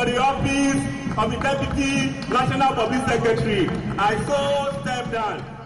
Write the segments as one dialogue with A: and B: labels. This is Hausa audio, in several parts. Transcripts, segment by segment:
A: for the office of the Deputy National Public Secretary.
B: I so step down.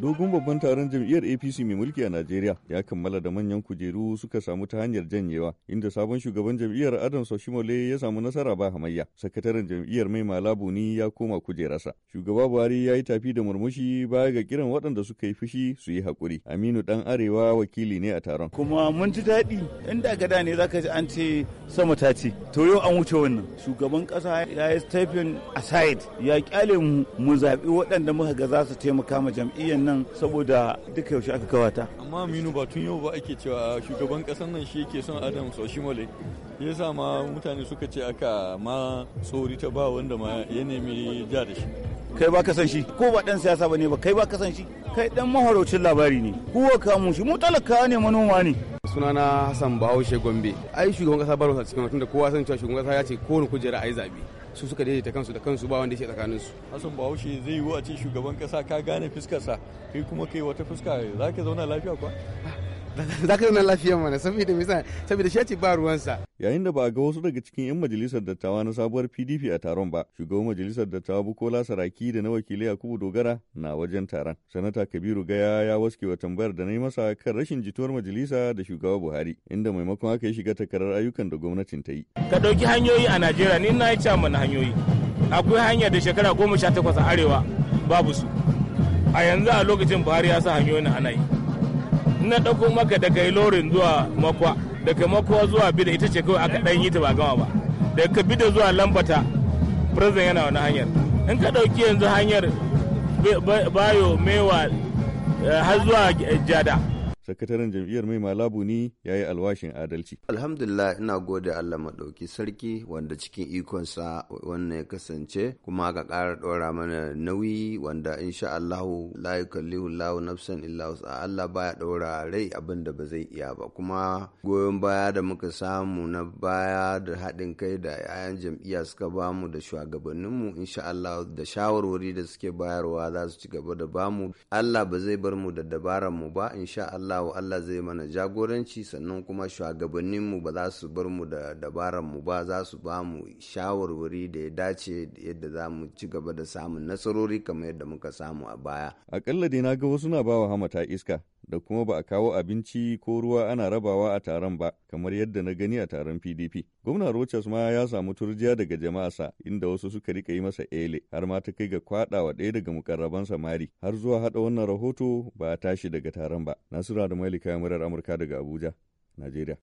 C: Dogon babban taron jam'iyyar APC mai mulki a Najeriya ya kammala da manyan kujeru suka samu ta hanyar janyewa inda sabon shugaban jam'iyyar Adam Soshimole ya samu nasara ba hamayya. Sakataren jam'iyyar mai malabu ni ya koma kujerarsa. Shugaba Buhari ya yi tafi da murmushi baya ga kiran waɗanda suka yi fushi su yi haƙuri. Aminu dan Arewa wakili ne a taron. Kuma mun ji daɗi inda gada ne zaka ji an ce sama ta
B: ce. To yau an wuce wannan. Shugaban ƙasa ya yi stepping aside ya ƙyale mu mu zaɓi waɗanda muka ga za su taimaka ma jam'iyyar nan saboda duka yaushe aka kawata
D: amma aminu ba tun yau ba ake cewa shugaban kasan nan shi yake son adam soshimole sa ma mutane suka ce aka ma tsori ta ba wanda ma ya nemi ja da shi
B: kai ba ka san shi ko ba dan siyasa ba ne ba kai ba ka san shi kai dan maharocin labari ne kuwa ka shi mu talaka ne manoma ne sunana Hassan Bahaushe Gombe ai shugaban kasa Barrow a cikin da
E: kowa san cewa shugaban kasa ya ce kowane kujera ai zabe su suka daidaita kansu da kansu ba wanda yake tsakanin su
D: Hassan Bahaushe zai yi a ce shugaban kasa ka gane fuskarsa kai kuma kai wata fuska zaka zauna lafiya kuwa
C: za ka zauna lafiya mana saboda me saboda shi ya ce ba ruwansa yayin da ba a ga wasu daga cikin yan majalisar dattawa na sabuwar PDP a taron ba shugaban majalisar dattawa Bukola Saraki da na wakilai Yakubu Dogara na wajen taron sanata Kabiru Gaya ya waske wa tambayar da na yi masa kan rashin jituwar majalisa da shugaba Buhari inda maimakon haka ya shiga takarar ayyukan da gwamnatin ta yi
A: ka dauki hanyoyi a Najeriya ni na yi mana hanyoyi akwai hanyar da shekara goma sha takwas a arewa babu su a yanzu a lokacin Buhari ya sa hanyoyin ana yi na ɗauko maka daga ilorin zuwa makwa daga makwa zuwa bida ita ce kawai aka ɗan yi ta ba gama ba daga bida zuwa lambata president yana wani hanyar in ka ɗauki yanzu hanyar bayo mewa eh, har zuwa jada
C: sakataren jam'iyyar mai malabu ne ya yi alwashin adalci. Alhamdulillah ina gode Allah maɗauki
E: sarki wanda cikin ikonsa wannan ya kasance kuma aka ƙara ɗora mana nauyi wanda insha Allahu layu yukallihu Allahu nafsan illa wasa Allah baya ɗora rai abin da ba zai iya ba kuma goyon baya da muka samu na baya da haɗin kai da 'ya'yan jam'iyya suka bamu da shugabanninmu insha Allah da shawarwari da suke bayarwa za su ci gaba da bamu Allah ba zai bar mu da dabaran mu ba insha Allah wa Allah zai mana jagoranci sannan kuma shugabanninmu ba za su bar mu da dabaran mu ba za su ba mu shawarwari da ya dace yadda za mu ci gaba da samun nasarori kamar yadda muka samu a baya.
C: Akalla dai na ga wasu na bawa hamata iska da kuma ba a kawo abinci ko ruwa ana rabawa a taron ba kamar yadda na gani a taron PDP. Gwamna Rochas ma ya samu turjiya daga jama'arsa inda wasu suka rika yi masa ele har ma ta kai ga wa ɗaya daga mukarrabansa mari har zuwa haɗa wannan rahoto ba a tashi daga taron ba. Nasura da Malika murar Amurka daga Abuja, Najeriya.